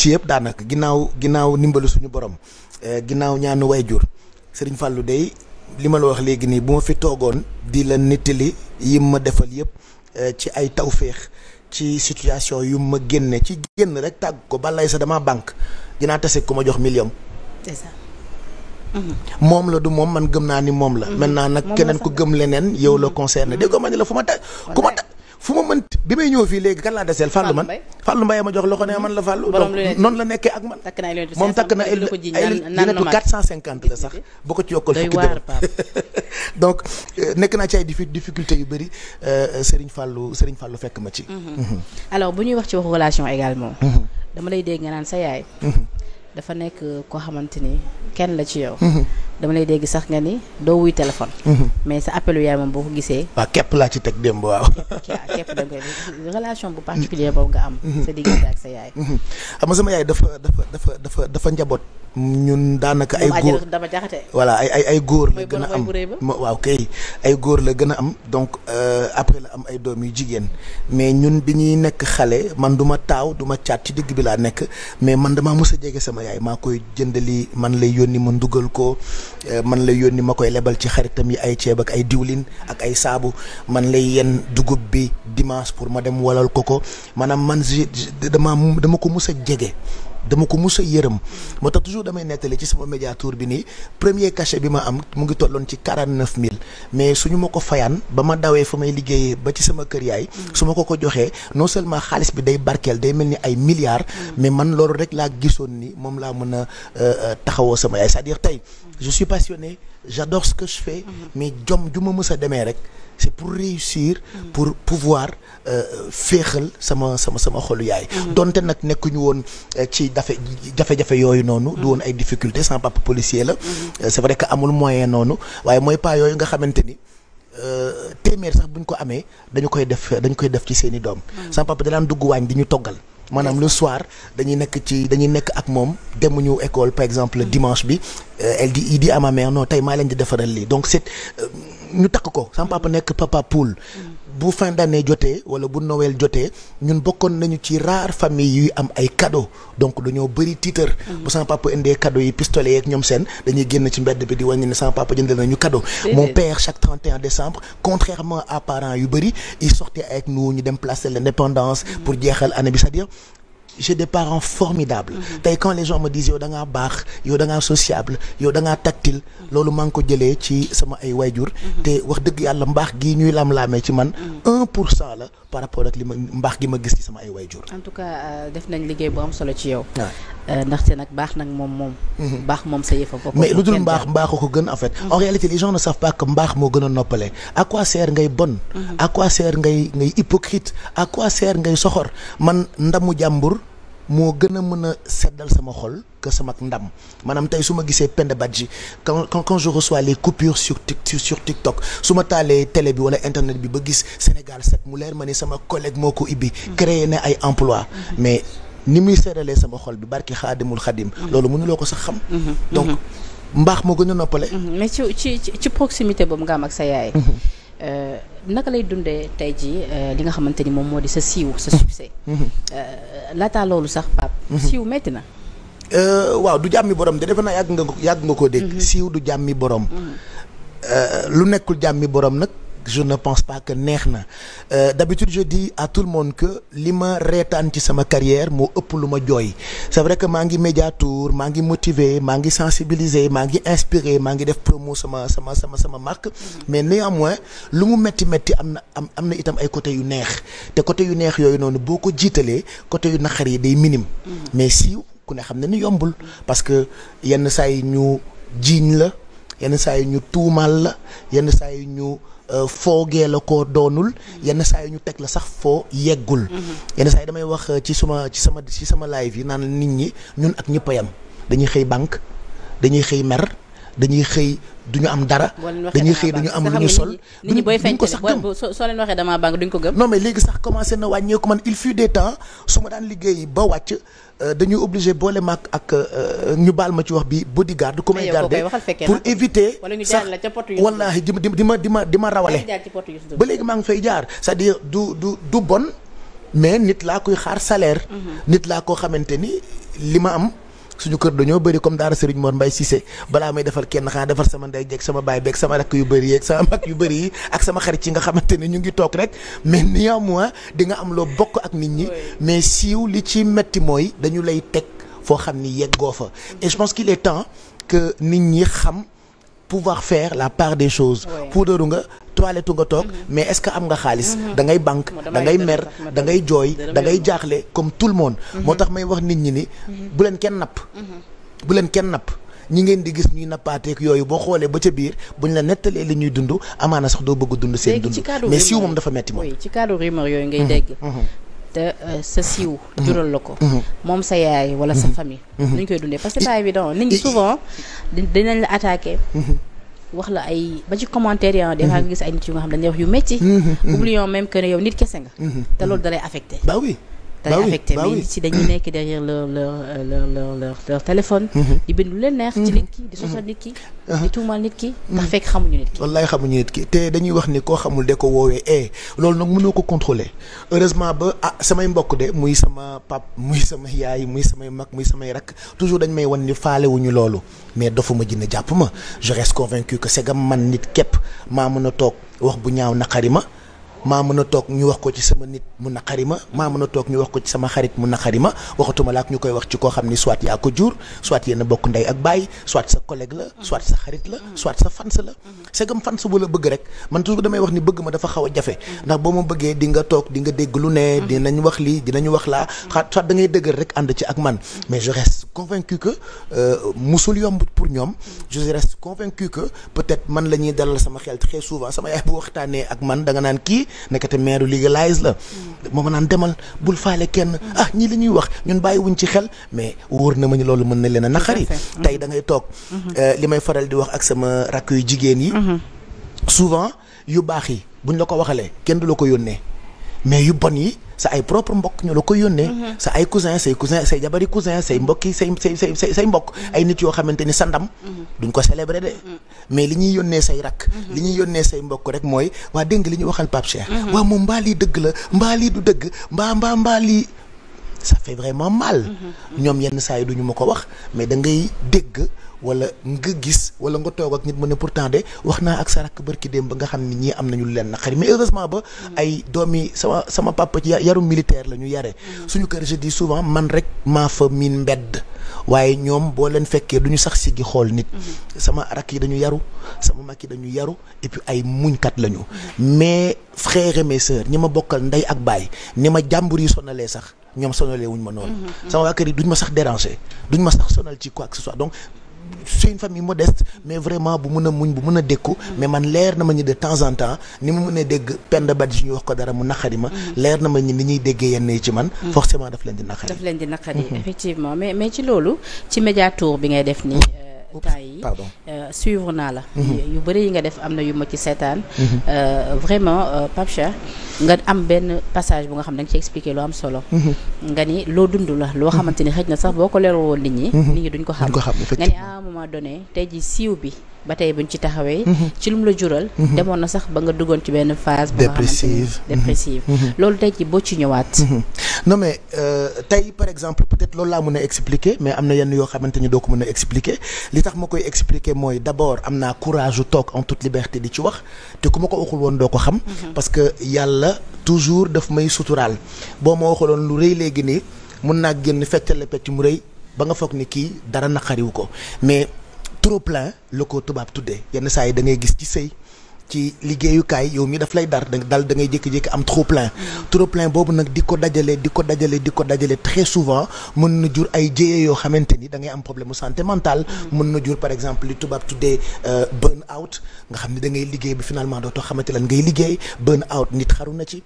ci danak, ginau ginau ginaaw nimbalu suñu borom eh, ginaaw ñaanu wayjur serigne Fallou day lima la wax legui ni buma fi togon di la netali yima defal yeb eh, ci ay tawfiq ci situation yu ma genné ci genn rek tag ko balay sa dama bank dina tassé kuma jox million c'est mm-hmm. la du mom man gëm na ni mom la mm-hmm. maintenant nak keneen ku gëm lenen yow la mm-hmm. concerné dégg ko ma la fuma fu ma mën bi may ñëw fii léegi kan laa deseel man fallu mbay ma jox loxo man la fàllu non la nekkee ak man moom takk na ay lunettu quatre cent cinquante la sax boko ko ci yokkal donc euh, neke na ci ay difficulté yu bëri euh, Serigne sering Serigne Fallou fekk ma ci mhm. Mhm. alors bu ñuy wax ci relation également mhm. dama lay dégg nga naan sa yaay dafa nekk koo xamante ni kenn la ci yow dama lay dégg sax nga ni doo wuy téléphone. Mhm. mais sa appelu yaay moom boo ko gisee. waa ah, képp laa ci teg démb waaw. Ah, képp da nga relation boobu nga am. Mhm. sa diggante ak sa yaay. xam mhm. ah, sama yaay dafa dafa dafa dafa dafa njaboot. ñun daanaka ay góor dama jaxate voilà ay ay ay góor la gën a am waaw kay ay góor la gën a am donc euh, après la am ay doom yu jigéen mais ñun bi ñuy nekk xale man du ma taaw du ma caat ci digg bi laa nekk mais man damaa mos a jege sama yaay maa koy li man lay yónni ma ndugal ko. Euh, man lay yónni ma koy lebal ci xaritam yi ay ceeb ak ay diwlin ak ay saabu man lay yenn dugub bi dimanche pour ma dem walal ko ko maanaam man dama dama ko mus a jege dama ko mus a yërëm moo tax toujours damay nettali ci sama médiateur bi nii premier cachet bi ma am mu ngi tolloon ci quarante neuf mais suñu ma ko fayaan ba ma dawee fa may liggéeyee ba ci sama kër yaay su ma ko ko non seulement xaalis bi day barkeel day mel ni ay milliards mais man loolu rek laa gisoon ni moom laa mën a euh, euh, taxawoo sama yaay c'est-à-dire Tay je suis passionné j'adore ce que je fais mhm. mais jom ju ma mës a demee rek c'est pour réussir pour pouvoir euh, féexal sama sama sama xolu yaay mm-hmm. donte nak nekkuñu won euh, ci dafa dafa dafa yoyu noonu du mm-hmm. won ay difficultés sans papa policier la mm-hmm. euh, c'est vrai que amul moyen noonu waye moy pas yoyu nga xamanteni euh témèr sax buñ ko amé dañu koy def dañu koy def ci seeni dom sans papa da lan dugg waañ diñu togal manam le soir dañuy nek ci dañuy nek ak mom demuñu école par exemple dimanche bi elle dit il dit à ma mère non tay ma leen di defaral li donc c'est ñu takk ko papa nekk papa poule bu fin d'année jotee wala bu Noël jotee ñun bokkoon nañu ci rare famille yuy am ay cadeaux. donc dañoo bëri tiitar mm. bu sama papa indee cadeau yi pistolet yeeg ñoom seen dañuy génn ci mbedd bi di wàññi ne sama papa jëndal nañu cadeau mon père chaque 31 décembre contrairement à parents yu bëri il sortait avec nous ñu dem place l'indépendance mm. pour jeexal année bi c'est-à-dire j'ai des parents formidables mhm. tey quand les gens me disent yow da ngaa baax yow da ngaa sociable yow da ngaa tactile mhm. loolu maa ngi ko jëlee ci sama ay waajur mhm. te wax dëgg yàlla mbaax gi ñuy lam-laamee ci man un pour cent la par rapport ak li ma mbaax gi ma gis ci sama ay waajur en tout cas euh, def nañ liggéey bu am solo ci yow euh, ndaxte nag baax nag moom moom baax moom sa yëfa bopp mais lu dul mbaax mbaax ko gën en fait en réalité les gens ne savent pas que mbaax moo gën a quoi sert ngay bon A quoi sert ngay ngay hypocrite à quoi sert ngay soxor man ndamu jàmbur moo gën a mën a seddal sama xol que sama ndam maanaam tey su ma gisee Penda Badji quand quand je reçois les coupures sur sur TikTok su ma taalee télé bi wala internet bi ba gis Sénégal set mu leer ma ni sama collègue moo ko ibbi. créé na ay emploi mais ni muy seddalee sama xol bi barki xaadimul xadim. loolu mënuloo ko sax xam. Mm-hmm. donc mm-hmm. mbaax moo gën a noppale. Mm-hmm. mais ci ci ci proximité boobu nga am ak sa yaay. Euh, naka lay dundee tey jii euh, li nga xamante ni moom moo di sa siiw sa succès. Mm-hmm. Euh, laataa loolu sax Pape. Mm-hmm. siiw metti na. waaw du jàmmi borom de defe naa yàgg nga ko yàgg nga ko dégg. Mm-hmm. siiw du jàmmi borom. lu nekkul jàmmi borom nag. je ne pense pas que nerne. Euh, d'habitude je dis à tout le monde que lima ma ci carrière mo ma c'est vrai que mangi média tour mangi motivé motiver suis mangi sensibiliser suis inspiré inspirer maa m'a, def m'a, sama marque mais néanmoins ce metti metti c'est amna itam ay côté yu te côté yu côté yu mm. mais si ne ni yombul parce que yenn des Euh, foogee la ko doonul yenn saa yi ñu teg la sax foo yeggul yenn saa yi damay wax euh, ci suma ci sama ci sama live yi naan nit ñi ñun ak ñëpp yam dañuy xëy banque dañuy xëy mer dañuy xëy duñu am dara. dañuy xey dañu am luñu sol. nit ñi booy feeñ ko sax gëm leen waxee damaa bànk duñ ko gëm. non mais légui sax commencé na wàññeeku man il fut des temps suma daan liggéey ba wacc euh, dañuy obligé bolé mak ak euh, ñu baal ma ci wax bi bodyguard ku may garder pour éviter. wallahi dima dima dima rawalé ba légui ma ngi fay jaar cest dire du du du bonne mais nit la koy xaar salaire. Mhm. nit la ko xamanteni lima am suñu kër dañoo bëri comme daara Serigne Mor mbay Cissé bala may defal kenn xanaa defal sama nday jeeg sama bay bek sama rak yu bëri yeeg sama mak yu bëri ak sama xarit yi nga xamanteni ñu ngi tok rek mais néanmoins di nga am lo bokk ak nit ñi mais siiw li ci metti mooy dañu lay teg foo xam ni yeggoo fa et je pense qu'il est temps que nit ñi xam pouvoir faire la part des choses. pour nga toilette nga toog mm-hmm. mais est-ce que am nga xaalis mm-hmm. da ngay banque da ngay mer da ngay jooy da ngay jaaxle comme tout le monde mm-hmm. moo tax may wax nit ñi ni bu leen kenn napp bu leen kenn napp ñi ngeen di gis ñuy nappaateek yooyu boo xoolee ba ca biir buñ la nettalee li ñuy dund amaana sax doo bëgg dund seen dund mais siiw moom dafa metti euh, moom sa yaay wala sa famille nuñ koy dundee parce que évident nit ñi souvent dinañ la attaquer wax la ay ba ci commentaire ah, des nga mhm. gis ay nit mhm. Mhm. oublions même que yow nit nga. affecter bah oui affecté bah bah mais derrière leur euh, leur leur leur leur téléphone mhm. ils contrôler heureusement toujours mais je reste convaincu que c'est gam man nit ma maa mën a toog ñu wax ko ci sama nit mu naqari ma maa mën a toog ñu wax ko ci sama xarit mu naqari ma waxatuma la ak ñu koy wax ci koo xam ni soit yaa ko jur soit yéen a bokk ndey ak baay soit sa collègue la soit sa xarit la soit sa fans la segam fans bu la bëgg rek man toujours damay wax ni bëgg ma dafa xaw a jafe ndax boo ma bëggee di nga toog di nga dégg lu ne dinañ wax lii dinañu wax laa soit da ngay dëggal rek ànd ci ak man mais je reste convaincu que euh, yomb pour ñoom je reste peut-être man la ñuy dalal sama xel très souvent sama yaay ak man da nga naan kii nekkate maire légaliser la moo ma naan demal bul faale kenn ah ñii li ñuy wax ñun bàyyi wuñ ci xel mais wóor na ma ñu loolu mën na leen a naqari tey da ngay toog mhm. euh, li may faral di wax ak sama rakk yu jigéen yi mhm. souvent yu baax yi buñ la ko waxalee kenn du la ko yónnee mais yu bon yi sa ay propre mbokk ñoo la koy yónnee mhm. sa ay cousin say cousin say jabari cousin say mbokki say say say say mbokk mhm. ay nit yoo xamante ni sa ndam mhm. duñ ko célébrer de mais li ñuy yónnee say rakk li ñuy yónnee say mbokk rek mooy waa dégg li ñu waxal Pape Cheikh waa moom mbaa lii dëgg la mbaa lii du dëgg mbaa mbaa mbaa lii ça fait vraiment mal. Nyom mhm. yenn dit duñu mais da ngay dégg wala nga gis wala nga gens ak nit pourtant de waxna ak barki qui mais heureusement ba. Mhm. ay sama sama papa ci yaru militaire la ñu yare. Mhm. suñu kër je dis souvent man rek ma fa min mbedd. nit. sama araki yi dañu yaru sama les dañu yaru et puis ay muñkat lañu. mais frères et mes sœurs ñima bokkal ak ñom sonalee wuñ ma non mhm, mhm. sama waa kër duñ ma sax déranger duñ ma sax sonal ci quoi que ce soit donc c'est une famille modeste mais vraiment bu mun muñ bu mun a mhm. mais man leer na ma ñi de temps en temps ni mu mënee dégg Penda Badji ñu wax ko dara mu naqari ma. na ma ñi ni ñi déggé yenn ci man. forcément daf leen di naqari. daf leen di naqari effectivement mais mais ci lolu ci média tour bi ngay def ni Pardon, euh, suivre Nala. Mhm. yu que yi nga def amna yu ma ci mhm. euh, vraiment euh, Pape nga am passage bu nga xam ne nga ci expliquer lo am solo mhm. nga ni un dit la sax boko nit ñi nit ñi duñ ko xam nga un ba tey buñ ci taxawee. Mhm. ci lum la jural. Mhm. demoon na sax ba nga duggoon ci benn phase. dépressive dépressive. Mhm. loolu tey boo ci ñëwaat. non mais euh, tey par exemple peut loolu laa mën a expliquer mais am na yenn yoo xamante ni doo ko mën a expliquer li tax ma koy expliquer mooy d'abord am naa courage su toog en toute liberté di ci wax te ku ma ko waxul woon doo ko xam. parce que yàlla toujours daf may suturaal boo ma waxuloon lu rëy léegi nii mun naa génn feccal la pecc mu trop plein le ko tubaab tuddee yenn saa da ngay gis ci sey ci kay yow mi daf lay dar dal da ngay am trop plein trop plein bobu nak diko dajalé diko dajalé diko dajalé très souvent mën na jur ay jéyee yo da ngay am problème santé mentale mm. mën na jur par exemple li tubaab euh, burn out nga xamni da ngay finalement doto xamante lan ngay liggéey burn out nit xaru na ci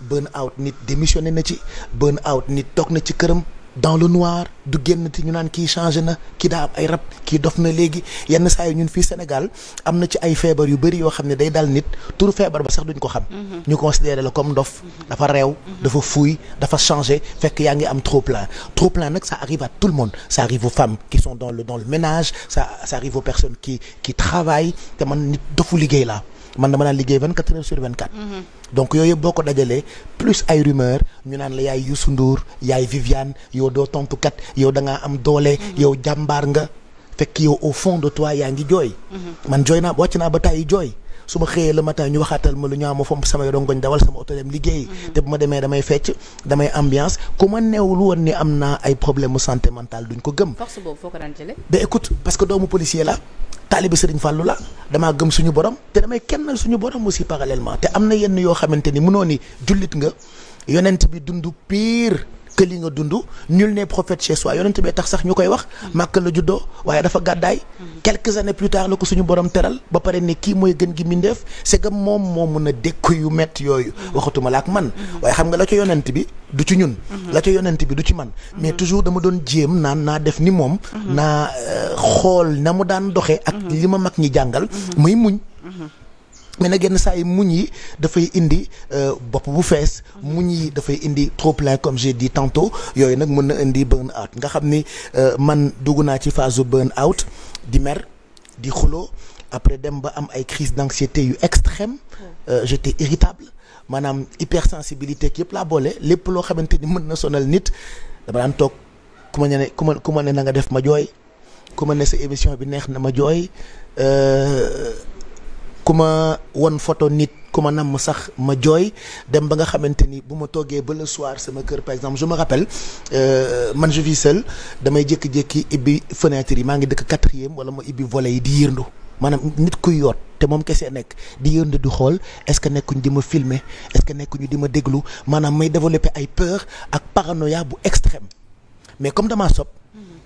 burn out nit démissionné na ci burn out nit tok na ci kërëm dans le noir du génn ñu nan ki changé na ki da ay rap ki dof na légui yenn say ñun fi Sénégal amna ci ay fièvre yu bari yo xamné day dal nit turu fièvre ba sax duñ ko xam. Mhm. ñu considérer la comme dof. Mhm. dafa rew mhm. dafa fuuy dafa changer fekk ya ngi am trop plein trop plein nak ça arrive à tout le monde ça arrive aux femmes qui sont dans le dans le ménage ça ça arrive aux personnes qui qui travaillent te man nit dofu liggéey la man dama na liguey 24 sur 24. Mhm. donc yoy boko boo plus ay rumeur ñu naan la yaay Youssou Ndour yaay Viviane yo do doo kat yo da nga am doole. Mhm. yo jambar nga fekk yo au fond de toi yaa ngi jooy. Mhm. man jooy naa wàcc naa ba tàyyi jooy. su ma le matin ñu waxatal ma lu ñaaw ma sama yoro rongoñ dawal sama oto dem liggéey. te bu ma damay fecc damay ambiance kuma néwul won ni amna ay problème santé mentale duñ ko gëm. force boobu foo ko daan ben écoute parce que doomu policier la taalibe sëriñ Fallou la damaa gëm suñu borom te damay kennal suñu borom aussi parallèlement te am na yenn yoo xamante ni mënoo ni jullit nga yonent bi dund piir que li nga dundou nul n'est prophète chez soi yonent bi tax sax ñu wax makka la juddoo waye dafa gaday quelques années plus tard la suñu borom teral ba paré né ki moy gën gi mbindeef c'est que mom mo mën a dékku yu métti yoyu waxatuma lak man waye xam nga la ca yonent bi du ci ñun la ca yonent bi du ci man mais toujours dama don jéem naan na def ni mom na euh, xol na mu daan doxé ak lima mak ñi jàngal muy muñ mais nag yenn saa yi muñ yi dafay indi euh, bopp bu fees muñ yi dafay indi trop plein comme j'ai dit tantôt yooyu nag mën na indi burn out nga xam ni euh, man dugg naa ci phase burn out di mer di xuloo après dem ba am ay crise d'anxiété yu extrême euh, j'étais irritable maanaam hypersensibilité yëpp laa boole lépp loo xamante ni mën na sonal nit dama daan toog ku ma ne ku ma ku ma ne na nga def ma jooy ku ma sa émission bi neex na ma jooy euh, kuma won photo nit kuma nam sax ma joy dem ba nga xamanteni ni ba le soir sama par exemple je me rappelle euh, man je vis seul damay ibi fenêtre yi ngi quatrième wala volet yi di nit kuy je suis mom kessé nek di est-ce que nekkuñ suis filmer est-ce que nekkuñu dima déglu manam may développer ay peur ak paranoïa bu extrême mais comme ma s'op mhm.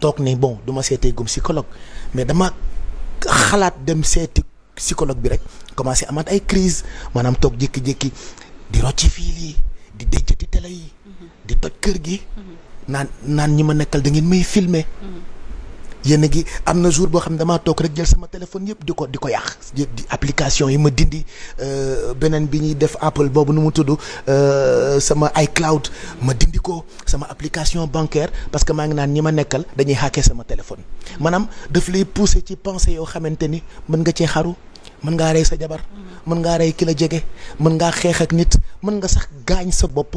toog ne bon du ma seetee gum psychologue mais dama xalaat dem seeti psychologue bi rek commencé amat ay crise maanaam toog jékki-jékki di rocci fii lii di déjjati télé yi mhm. di toj kër gi mhm. naan naan ñi ma nekkal da ngeen may filme mhm. yéen gi am na jour boo xam ne damaa toog rek jël sama téléphone yëpp di ko di ko yàq di application yi ma dindi euh, beneen bi ñuy def Apple boobu nu mu tudd euh, sama iCloud ma dindi ko sama application bancaire parce que maa ngi naan ñi ma nekkal dañuy hacké sama téléphone maanaam daf lay pousser ci pensée yoo xamante ni mën nga cee xaru mën ngaa rey sa jabar mm-hmm. mën ngaa rey ki la jege mën ngaa xeex ak nit mën nga sax gaañ sa bopp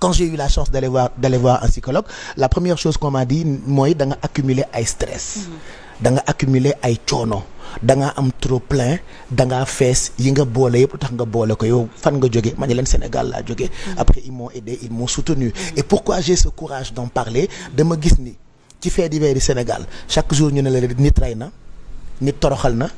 quand j'ai eu la chance d'aller voir d'aller voir un psychologue la première chose qu'on m'a dit moi da accumulé accumuler ay stress mm-hmm. da nga accumuler ay coono danga am trop plein danga ngaa yi nga bolé yépp tax nga bolé ko yow fan nga ma Sénégal la mm-hmm. après ils m'ont aidé ils m'ont soutenu mm-hmm. et pourquoi j'ai ce courage d'en parler de me ni ci fait divers du Sénégal chaque jour ñu ne la nit nit toroxal na.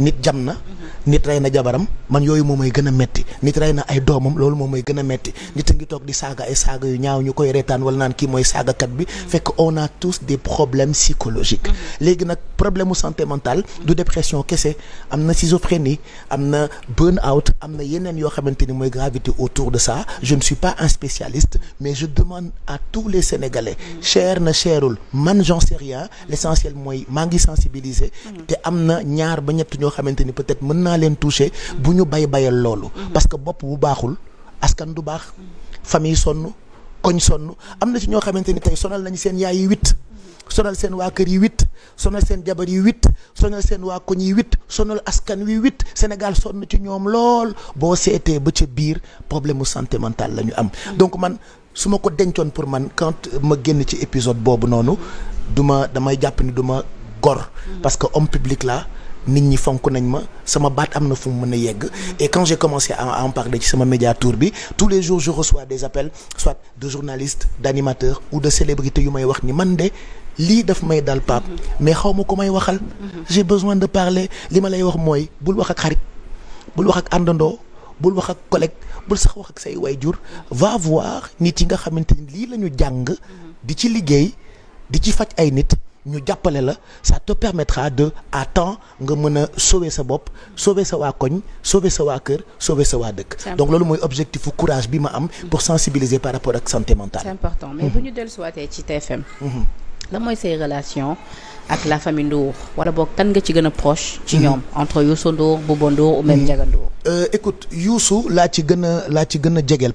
nit jam na. Mhm. nit rey na jabaram man yooyu momay gëna metti nit rey na ay domam lolou momay gëna metti nit ngi di saga ay saga yu ñaaw ñukoy retane wala nan ki moy saga kat bi mhm. fekk on a tous des problèmes psychologiques. Mhm. légui nak problème santé mentale. du dépression kese am amna schizophrénie amna burn out amna yenen yo xamanteni moy gravité autour de ça je ne suis pas un spécialiste mais je demande à tous les sénégalais. cher na cherul man j'en sais rien l'essentiel moy maa sensibiliser té am am na ñaar ba ñett ñoo xamante ni peut-être mën naa leen toucher bu ñu bay bayal loolu mhm. parce que bopp bu baaxul askan du baax famille sonn koñ sonn am na ci ñoo xamante ni tey sonal nañu seen yaay yi huit sonal seen waa kër yi huit sonal seen jabar yi huit sonal seen waa koñ yi huit sonal askan wi huit Sénégal sonn ci ñoom lool boo seetee ba ca biir problème mu santé mentale la ñu am mhm. donc man su ma ko dencoon pour man quand ma génn ci épisode boobu noonu duma damay jàpp ni duma gor parce que homme public là, nit ñi fonku nañ ma sama baat amna fu mëna yegg et quand j'ai commencé à en parler ci sama média tour bi tous les jours je reçois des appels soit de journalistes d'animateurs ou de célébrités yu may wax ni man de li daf may dal pap mais xawma ko may waxal j'ai besoin de parler li ma lay wax moy bul wax ak xarit bul wax ak andando bul wax ak collègue bul sax wax ak say wayjur va voir nit yi nga xamanteni li lañu jang di ci liggéey di ci fajj ay nit ñu jàppale la ça te permettra de à temps sauver sa bop sauver sa waa sauver sa wa kër sauver sa wa dëkk. donc l'objectif mooy objectif courage bi am. pour sensibiliser par rapport à la santé mentale. c'est important mais venu mhm. de dellusiwaatee ci TFM. Mhm. là moi c'est relation ak la famille Ndour wala boog kan nga ci gën proche. ci ñoom mhm. entre Youssou Ndour Bobondo ou même Jagando euh, écoute Youssou la ci gën a ci